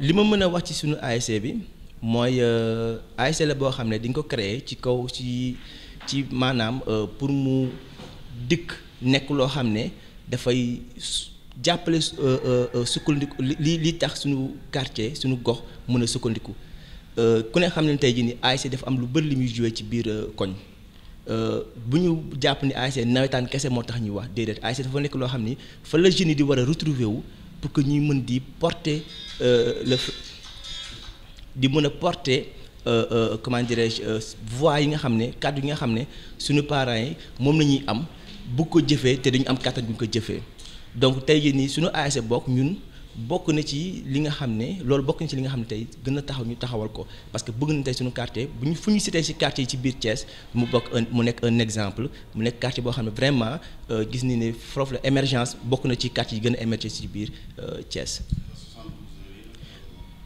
li ma mën a wax ci suñu ASC bi mooy euh, ASC la boo xam ne dinga ko créer ci kaw ci ci maanaam euh, pour mu dikk nekk loo xam ne dafay jàppale su euh, sukkandiku li li tax suñu quartier suñu gox mën a sukkandiku ku ne xam ne tey jii ni ASC dafa am lu bëri lu muy joué ci biir koñ bu ñu jàpp ni ASC nawetaan kese moo tax ñuy wax déedéet ASC dafa nekk loo xam ni fa la jeunes yi di war a retrouver wu pour que ñuy mën di porter euh, le di mën a porter euh, euh, comment dirais-je voix yi nga xam ne kàddu yi nga xam ne suñu parents yi moom la ñuy am bu ko jëfee te dañu am kàttan bu ko jëfee donc tey jii nii suñu ASC e bokk ñun. bokk na ci li nga xam ne loolu bokk na ci li nga xam ne tey gën a taxaw ñu taxawal ko parce que bëgg na tey suñu quartier bu ñu fu ñu cité ci quartier yi ci biir Thiès mu bokk mu nekk un exemple mu nekk quartier boo xam ne vraiment euh, gis ni ne foofu la émergence bokk na ci quartier yi gën a émerger ci biir euh, Thiès.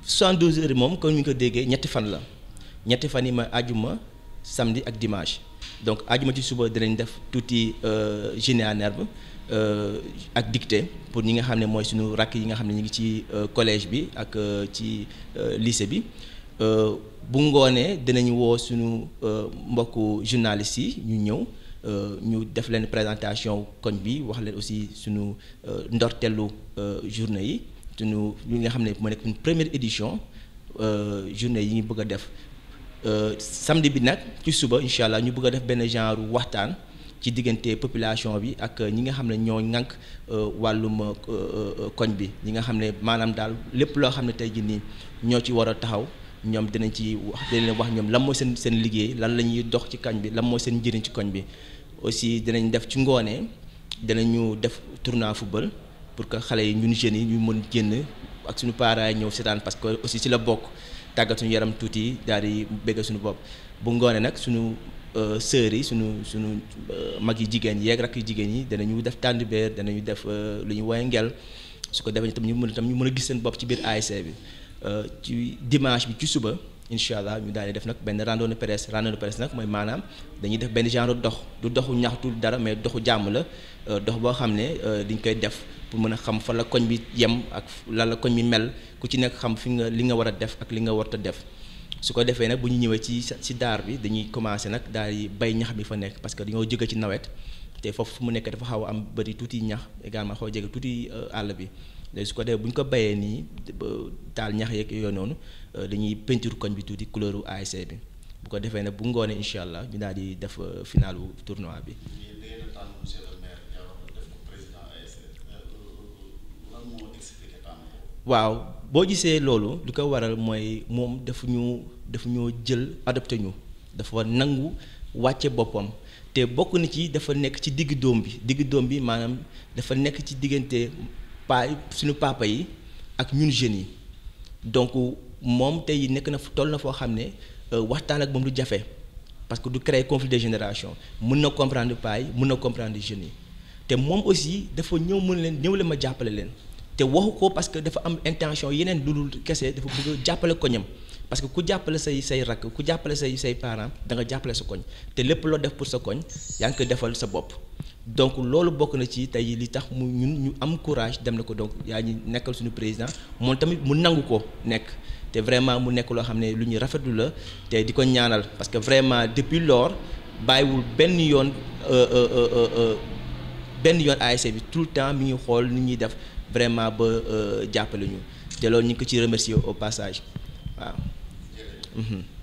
72 heures moom comme ni ñu ko déggee ñetti fan la ñetti fan yi ma àjjuma samedi ak dimanche donc àjjuma ci suba dinañ def tuuti euh, génie en herbe Euh, ak dictée pour ñi nga xam ne mooy suñu rakk yi nga xam ne ñu ngi ci euh, collège bi ak euh, ci lycée bi bu ngoonee dinañu woo suñu mbokku journalistes yi ñu ñëw ñu def leen présentation koñ bi wax leen aussi suñu ndorteelu journée yi suñu li nga xam ne moo nekk une première édition journée yi ñu bëgg a def samedi bi nag ci suba incha allah ñu bëgg a def benn genre waxtaan. ci diggante population bi ak euh, ñi nga xam ne ñoo ŋànk euh, wàllum euh, koñ bi ñi nga xam ne maanaam daal lépp loo xam ne tey jii nii ñoo ci war a taxaw ñoom dinañ ci wax dinañ wax ñoom lan mooy seen seen liggéey lan la ñuy dox ci koñ bi lan mooy seen njëriñ ci koñ bi aussi dinañ def ci ngoonee dinañu def tournoi football pour que xale yi ñun jeunes yi ñu mën génn ak suñu parents yi ñëw seetaan parce que aussi ci la bokk tàggat suñu yaram tuuti daal di bégg suñu bopp bu ngoonee nag suñu euh, sœurs yi suñu suñu euh, mag yi jigéen yi yeeg rakk yi jigéen yi ñu def tàndbeer danañu def euh, lu ñu woowee ngel su ko defee tam ñu mën tam ñu mën a gis seen bopp ci biir ASC e bi ci dimanche bi ci suba incha allah ñu daal di def nag benn randonnée pédestre randonnée pédestre nag mooy maanaam dañuy def benn genre dox du doxu ñaxtu dara mais doxu jàmm la euh, dox boo xam ne euh, diñ koy def pour mën a xam fa la koñ bi yem ak lan la koñ bi mel ku ci nekk xam fi nga li nga war a def ak li nga warta def su ko defee nag bu ñu ñëwee ci ci daar bi dañuy commencé nag daal di bay ñax bi fa nekk parce que dañoo jóge ci nawet te foofu mu nekk dafa xaw a am bëri tuuti ñax également xaw a jege tuuti euh, àll bi léegi su ko defee bu ñu ko bayee nii taal ñax yeeg yooyu noonu euh, dañuy peinture koñ bi tuuti couleur ASC bi bu ko defee nag bu ngoonee incha allah ñu daal di def euh, finaalu tournoi bi. waaw boo gisee loolu lu ko waral mooy moom dafa ñu dafa ñoo jël adopté ñu dafa nangu wàcce boppam te bokk na ci dafa nekk ci digg doom bi digg doom bi maanaam dafa nekk ci diggante paa suñu paapa yi ak ñun jeunes yi donc moom tey nekk na toll na foo xam ne euh, waxtaan ak moom du jafe parce que du créer conflit de génération mën na comprendre paay mun na comprendre jeunes yi te moom aussi dafa ñëw mën leen ñëw la ma jàppale leen te waxu ko parce que dafa am intention yeneen lu dul kese dafa bugg jàppale koñam parce que ku jàppale say say rakk ku jàppale say say parents danga jàppale sa koñ te lépp loo def pour sa koñ yaa ngi ko defal sa bopp donc loolu bokk na ci tey li tax mu ñun ñu am courage dem na ko donc yaa ñu nekkal suñu président moom tamit mu nangu ko nekk te vraiment mu nekk loo xam ne lu ñuy rafetlu la te di ko ñaanal parce que vraiment depuis lors bàyyiwul benn yoon euh, euh, euh, benn yoon ASC bi tout le temps mi ngi xool ni ñuy def vraiment ba jàppale ñu te loolu ñu ko ci remercier au passage waaw. Mhm.